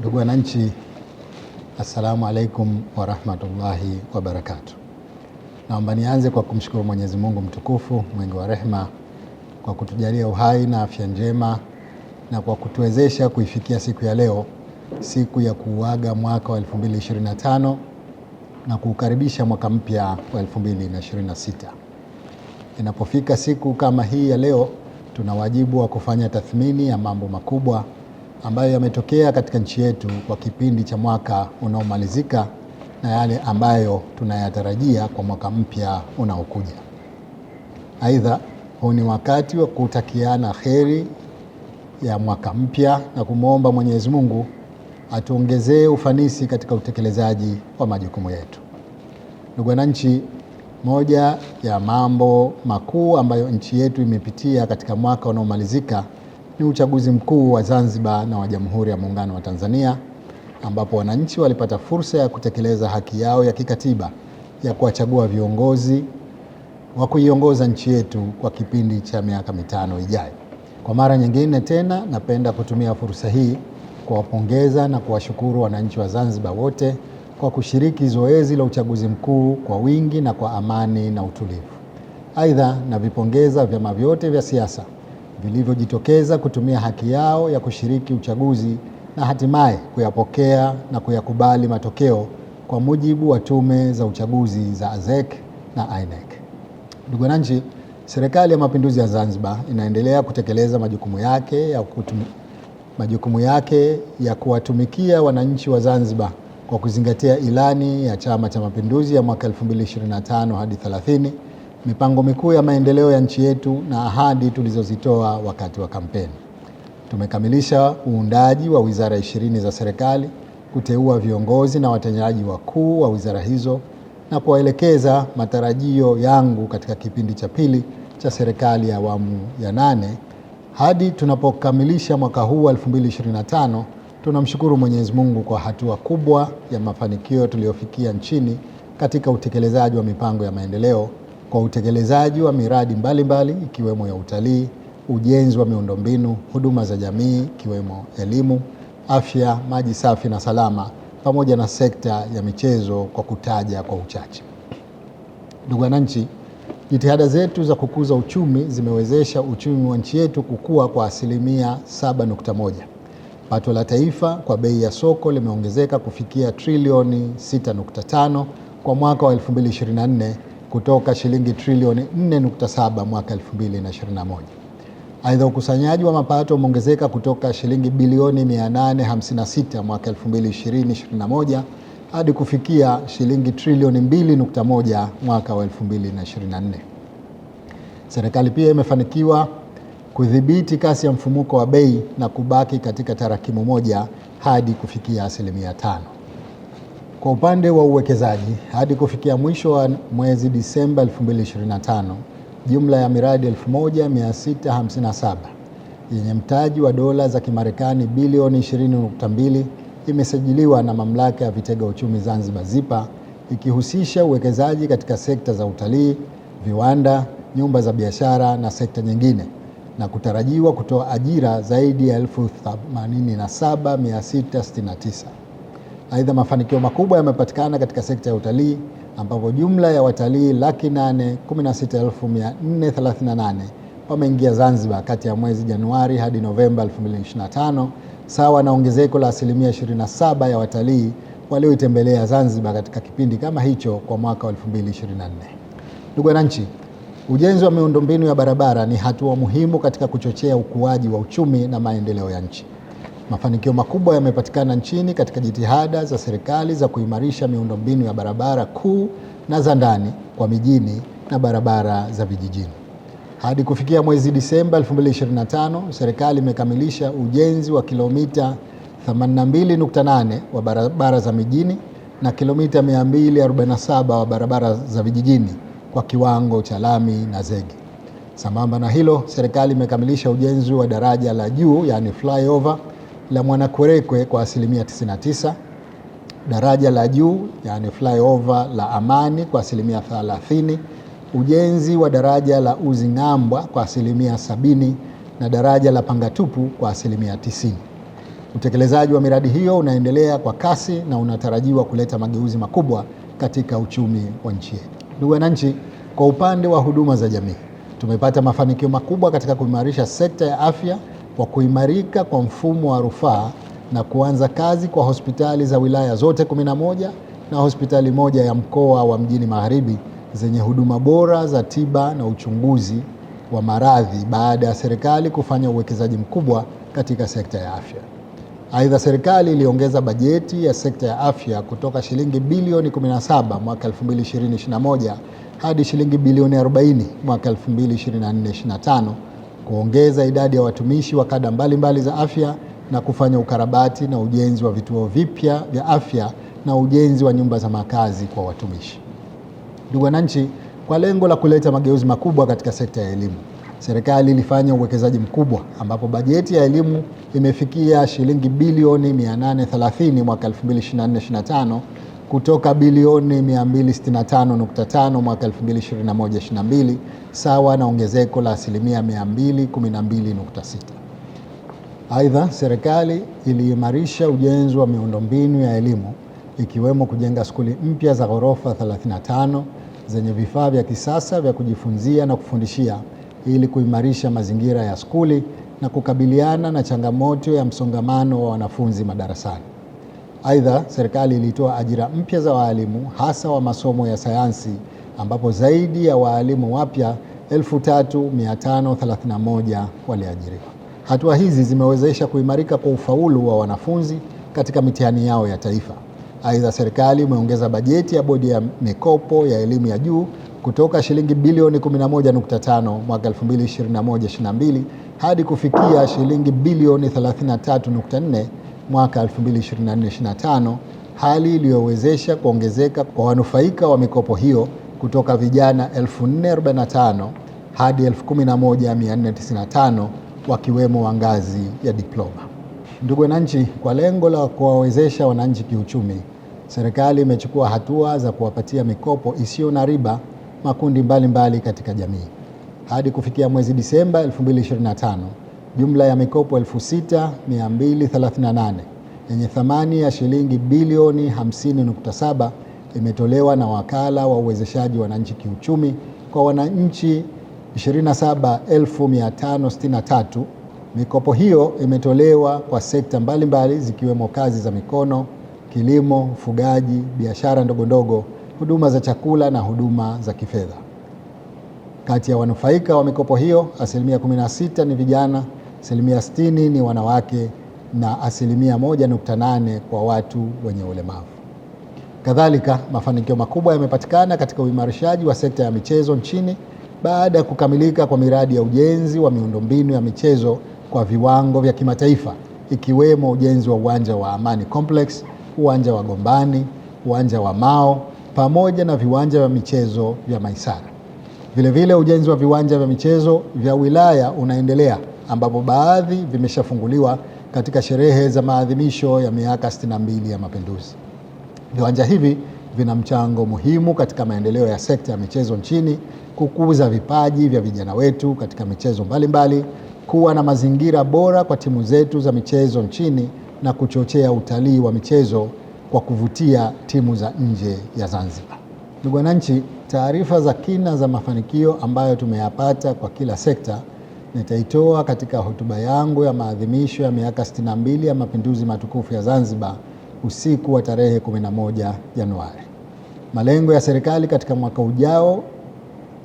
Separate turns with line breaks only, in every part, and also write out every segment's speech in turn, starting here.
Ndugu wananchi, assalamu alaikum warahmatullahi wabarakatu. Naomba nianze kwa kumshukuru Mwenyezi Mungu mtukufu mwingi wa rehma kwa kutujalia uhai na afya njema na kwa kutuwezesha kuifikia siku ya leo, siku ya kuuaga mwaka wa 2025 na kuukaribisha mwaka mpya wa 2026. Inapofika siku kama hii ya leo, tuna wajibu wa kufanya tathmini ya mambo makubwa ambayo yametokea katika nchi yetu kwa kipindi cha mwaka unaomalizika na yale ambayo tunayatarajia kwa mwaka mpya unaokuja. Aidha, huu ni wakati wa kutakiana kheri ya mwaka mpya na kumwomba Mwenyezi Mungu atuongezee ufanisi katika utekelezaji wa majukumu yetu. Ndugu wananchi, moja ya mambo makuu ambayo nchi yetu imepitia katika mwaka unaomalizika ni uchaguzi mkuu wa Zanzibar na wa Jamhuri ya Muungano wa Tanzania ambapo wananchi walipata fursa ya kutekeleza haki yao ya kikatiba ya kuwachagua viongozi wa kuiongoza nchi yetu kwa kipindi cha miaka mitano ijayo. Kwa mara nyingine tena, napenda kutumia fursa hii kuwapongeza na kuwashukuru wananchi wa Zanzibar wote kwa kushiriki zoezi la uchaguzi mkuu kwa wingi na kwa amani na utulivu. Aidha, navipongeza vyama vyote vya siasa vilivyojitokeza kutumia haki yao ya kushiriki uchaguzi na hatimaye kuyapokea na kuyakubali matokeo kwa mujibu wa tume za uchaguzi za AZEC na INEC. Ndugu wananchi, Serikali ya Mapinduzi ya Zanzibar inaendelea kutekeleza majukumu yake ya kutum... majukumu yake ya kuwatumikia wananchi wa Zanzibar kwa kuzingatia ilani ya Chama cha Mapinduzi ya mwaka 2025 hadi mipango mikuu ya maendeleo ya nchi yetu na ahadi tulizozitoa wakati wa kampeni. Tumekamilisha uundaji wa wizara ishirini za serikali, kuteua viongozi na watendaji wakuu wa wizara hizo na kuwaelekeza matarajio yangu katika kipindi cha pili cha serikali ya awamu ya nane hadi tunapokamilisha mwaka huu 2025. Tunamshukuru Mwenyezi Mungu kwa hatua kubwa ya mafanikio tuliyofikia nchini katika utekelezaji wa mipango ya maendeleo kwa utekelezaji wa miradi mbalimbali mbali, ikiwemo ya utalii, ujenzi wa miundombinu, huduma za jamii ikiwemo elimu, afya, maji safi na salama, pamoja na sekta ya michezo kwa kutaja kwa uchache. Ndugu wananchi, jitihada zetu za kukuza uchumi zimewezesha uchumi wa nchi yetu kukua kwa asilimia 7.1. Pato la taifa kwa bei ya soko limeongezeka kufikia trilioni 6.5 kwa mwaka wa 2024 kutoka shilingi trilioni 4.7 mwaka 2021. Aidha, ukusanyaji wa mapato umeongezeka kutoka shilingi bilioni 856 mwaka 2020/21 hadi kufikia shilingi trilioni 2.1 mwaka wa 2024. Serikali pia imefanikiwa kudhibiti kasi ya mfumuko wa bei na kubaki katika tarakimu moja hadi kufikia asilimia tano. Kwa upande wa uwekezaji, hadi kufikia mwisho wa mwezi Disemba 2025, jumla ya miradi 1657 yenye mtaji wa dola za Kimarekani bilioni 20.2 imesajiliwa na Mamlaka ya Vitega Uchumi Zanzibar ZIPA, ikihusisha uwekezaji katika sekta za utalii, viwanda, nyumba za biashara na sekta nyingine, na kutarajiwa kutoa ajira zaidi ya 87669. Aidha, mafanikio makubwa yamepatikana katika sekta ya utalii ambapo jumla ya watalii laki nane kumi na sita elfu mia nne thelathini na nane wameingia Zanzibar kati ya mwezi Januari hadi Novemba 2025 sawa na ongezeko la asilimia 27 ya watalii walioitembelea Zanzibar katika kipindi kama hicho kwa mwaka wa 2024. Ndugu wananchi, ujenzi wa miundombinu ya barabara ni hatua muhimu katika kuchochea ukuaji wa uchumi na maendeleo ya nchi. Mafanikio makubwa yamepatikana nchini katika jitihada za serikali za kuimarisha miundombinu ya barabara kuu na za ndani kwa mijini na barabara za vijijini. Hadi kufikia mwezi Disemba 2025, serikali imekamilisha ujenzi wa kilomita 82.8 wa barabara za mijini na kilomita 247 wa barabara za vijijini kwa kiwango cha lami na zege. Sambamba na hilo, serikali imekamilisha ujenzi wa daraja la juu, yaani flyover la Mwanakwerekwe kwa asilimia 99, daraja la juu yani flyover la Amani kwa asilimia 30, ujenzi wa daraja la Uzing'ambwa kwa asilimia 70 na daraja la Pangatupu kwa asilimia 90. Utekelezaji wa miradi hiyo unaendelea kwa kasi na unatarajiwa kuleta mageuzi makubwa katika uchumi wa nchi yetu. Ndugu wananchi, kwa upande wa huduma za jamii tumepata mafanikio makubwa katika kuimarisha sekta ya afya kwa kuimarika kwa mfumo wa rufaa na kuanza kazi kwa hospitali za wilaya zote 11 na hospitali moja ya mkoa wa Mjini Magharibi zenye huduma bora za tiba na uchunguzi wa maradhi baada ya serikali kufanya uwekezaji mkubwa katika sekta ya afya. Aidha, serikali iliongeza bajeti ya sekta ya afya kutoka shilingi bilioni 17 mwaka 2020/21 hadi shilingi bilioni 40 mwaka 2024/25 kuongeza idadi ya watumishi wa kada mbalimbali za afya na kufanya ukarabati na ujenzi wa vituo vipya vya afya na ujenzi wa nyumba za makazi kwa watumishi. Ndugu wananchi, kwa lengo la kuleta mageuzi makubwa katika sekta ya elimu, serikali ilifanya uwekezaji mkubwa ambapo bajeti ya elimu imefikia shilingi bilioni 830 mwaka 2024/25 kutoka bilioni 265.5 mwaka 2021/22 sawa na ongezeko la asilimia 212.6. Aidha, serikali iliimarisha ujenzi wa miundombinu ya elimu ikiwemo kujenga skuli mpya za ghorofa 35 zenye vifaa vya kisasa vya kujifunzia na kufundishia ili kuimarisha mazingira ya skuli na kukabiliana na changamoto ya msongamano wa wanafunzi madarasani. Aidha, serikali ilitoa ajira mpya za waalimu hasa wa masomo ya sayansi ambapo zaidi ya waalimu wapya 3531 waliajiriwa. Hatua hizi zimewezesha kuimarika kwa ufaulu wa wanafunzi katika mitihani yao ya taifa. Aidha, serikali imeongeza bajeti ya bodi ya mikopo ya elimu ya juu kutoka shilingi bilioni 11.5 mwaka 2021/22 hadi kufikia shilingi bilioni 33.4 mwaka 2024-2025, hali iliyowezesha kuongezeka kwa wanufaika wa mikopo hiyo kutoka vijana 1445 hadi 11495 wakiwemo wa ngazi ya diploma. Ndugu wananchi, kwa lengo la kuwawezesha wananchi kiuchumi, serikali imechukua hatua za kuwapatia mikopo isiyo na riba makundi mbalimbali mbali katika jamii. Hadi kufikia mwezi Disemba jumla ya mikopo 6238 yenye thamani ya shilingi bilioni 50.7 imetolewa na Wakala wa Uwezeshaji Wananchi Kiuchumi kwa wananchi 27563. Mikopo hiyo imetolewa kwa sekta mbalimbali zikiwemo kazi za mikono, kilimo, ufugaji, biashara ndogondogo, huduma za chakula na huduma za kifedha. Kati ya wanufaika wa mikopo hiyo, asilimia 16 ni vijana asilimia 60 ni wanawake na asilimia 1.8 kwa watu wenye ulemavu. Kadhalika, mafanikio makubwa yamepatikana katika uimarishaji wa sekta ya michezo nchini baada ya kukamilika kwa miradi ya ujenzi wa miundombinu ya michezo kwa viwango vya kimataifa ikiwemo ujenzi wa uwanja wa Amani Complex, uwanja wa Gombani, uwanja wa Mao pamoja na viwanja vya michezo vya Maisara. Vilevile, ujenzi wa viwanja vya michezo vya wilaya unaendelea ambapo baadhi vimeshafunguliwa katika sherehe za maadhimisho ya miaka 62 ya Mapinduzi. Viwanja hivi vina mchango muhimu katika maendeleo ya sekta ya michezo nchini, kukuza vipaji vya vijana wetu katika michezo mbalimbali, kuwa na mazingira bora kwa timu zetu za michezo nchini na kuchochea utalii wa michezo kwa kuvutia timu za nje ya Zanzibar. Ndugu wananchi, taarifa za kina za mafanikio ambayo tumeyapata kwa kila sekta nitaitoa katika hotuba yangu ya maadhimisho ya miaka 62 ya mapinduzi matukufu ya Zanzibar usiku wa tarehe 11 Januari. Malengo ya serikali katika mwaka ujao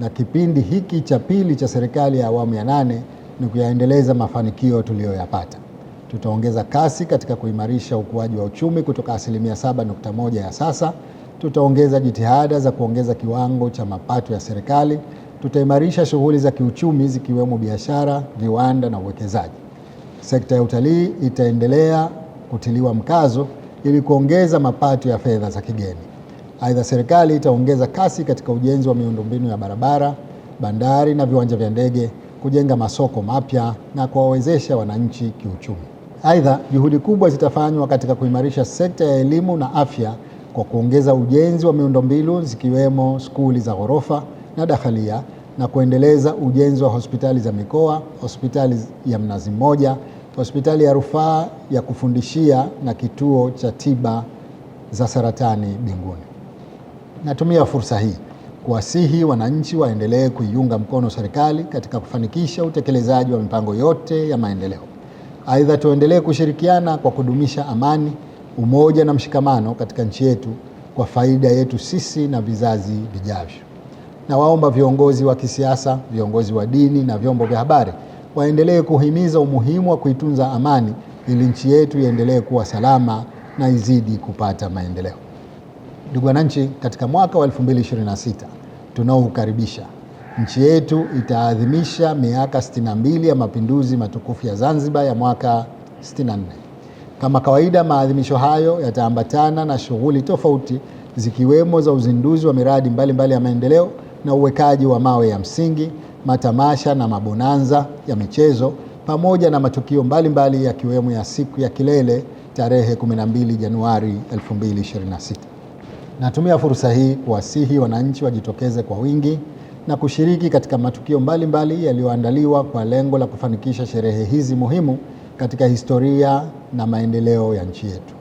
na kipindi hiki cha pili cha serikali ya awamu ya nane ni kuyaendeleza mafanikio tuliyoyapata. Tutaongeza kasi katika kuimarisha ukuaji wa uchumi kutoka asilimia 7.1 ya sasa. Tutaongeza jitihada za kuongeza kiwango cha mapato ya serikali tutaimarisha shughuli za kiuchumi zikiwemo biashara, viwanda na uwekezaji. Sekta ya utalii itaendelea kutiliwa mkazo ili kuongeza mapato ya fedha za kigeni. Aidha, serikali itaongeza kasi katika ujenzi wa miundombinu ya barabara, bandari na viwanja vya ndege, kujenga masoko mapya na kuwawezesha wananchi kiuchumi. Aidha, juhudi kubwa zitafanywa katika kuimarisha sekta ya elimu na afya kwa kuongeza ujenzi wa miundombinu zikiwemo skuli za ghorofa na dakhalia na kuendeleza ujenzi wa hospitali za mikoa, hospitali ya Mnazi Mmoja, hospitali ya rufaa ya kufundishia na kituo cha tiba za saratani Binguni. Natumia fursa hii kuwasihi wananchi waendelee kuiunga mkono serikali katika kufanikisha utekelezaji wa mipango yote ya maendeleo. Aidha, tuendelee kushirikiana kwa kudumisha amani, umoja na mshikamano katika nchi yetu kwa faida yetu sisi na vizazi vijavyo na waomba viongozi wa kisiasa, viongozi wa dini na vyombo vya habari waendelee kuhimiza umuhimu wa kuitunza amani ili nchi yetu iendelee kuwa salama na izidi kupata maendeleo. Ndugu wananchi, katika mwaka wa 2026 tunaoukaribisha, nchi yetu itaadhimisha miaka 62 ya mapinduzi matukufu ya Zanzibar ya mwaka 64. Kama kawaida, maadhimisho hayo yataambatana na shughuli tofauti zikiwemo za uzinduzi wa miradi mbalimbali mbali ya maendeleo na uwekaji wa mawe ya msingi, matamasha na mabonanza ya michezo pamoja na matukio mbalimbali yakiwemo ya siku ya kilele tarehe 12 Januari 2026. Natumia fursa hii kuwasihi wananchi wajitokeze kwa wingi na kushiriki katika matukio mbalimbali yaliyoandaliwa kwa lengo la kufanikisha sherehe hizi muhimu katika historia na maendeleo ya nchi yetu.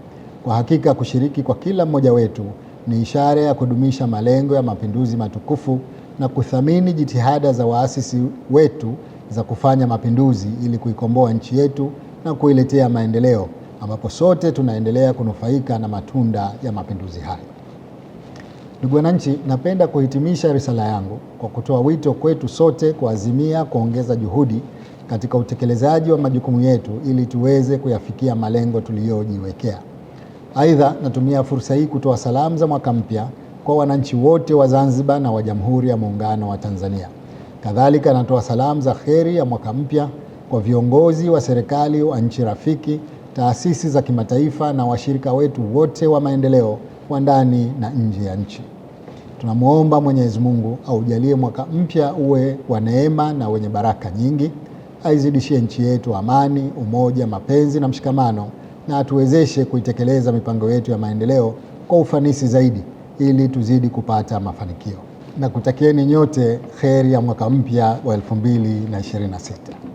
Kwa hakika kushiriki kwa kila mmoja wetu ni ishara ya kudumisha malengo ya mapinduzi matukufu na kuthamini jitihada za waasisi wetu za kufanya mapinduzi ili kuikomboa nchi yetu na kuiletea maendeleo ambapo sote tunaendelea kunufaika na matunda ya mapinduzi hayo. Ndugu wananchi, napenda kuhitimisha risala yangu kwa kutoa wito kwetu sote kuazimia kuongeza juhudi katika utekelezaji wa majukumu yetu ili tuweze kuyafikia malengo tuliyojiwekea. Aidha, natumia fursa hii kutoa salamu za mwaka mpya kwa wananchi wote wa Zanzibar na wa Jamhuri ya Muungano wa Tanzania. Kadhalika, natoa salamu za kheri ya mwaka mpya kwa viongozi wa serikali wa nchi rafiki, taasisi za kimataifa na washirika wetu wote wa maendeleo wa ndani na nje ya nchi. Tunamwomba Mwenyezi Mungu aujalie mwaka mpya uwe wa neema na wenye baraka nyingi, aizidishie nchi yetu amani, umoja, mapenzi na mshikamano na atuwezeshe kuitekeleza mipango yetu ya maendeleo kwa ufanisi zaidi ili tuzidi kupata mafanikio. Na kutakieni nyote kheri ya mwaka mpya wa 2026.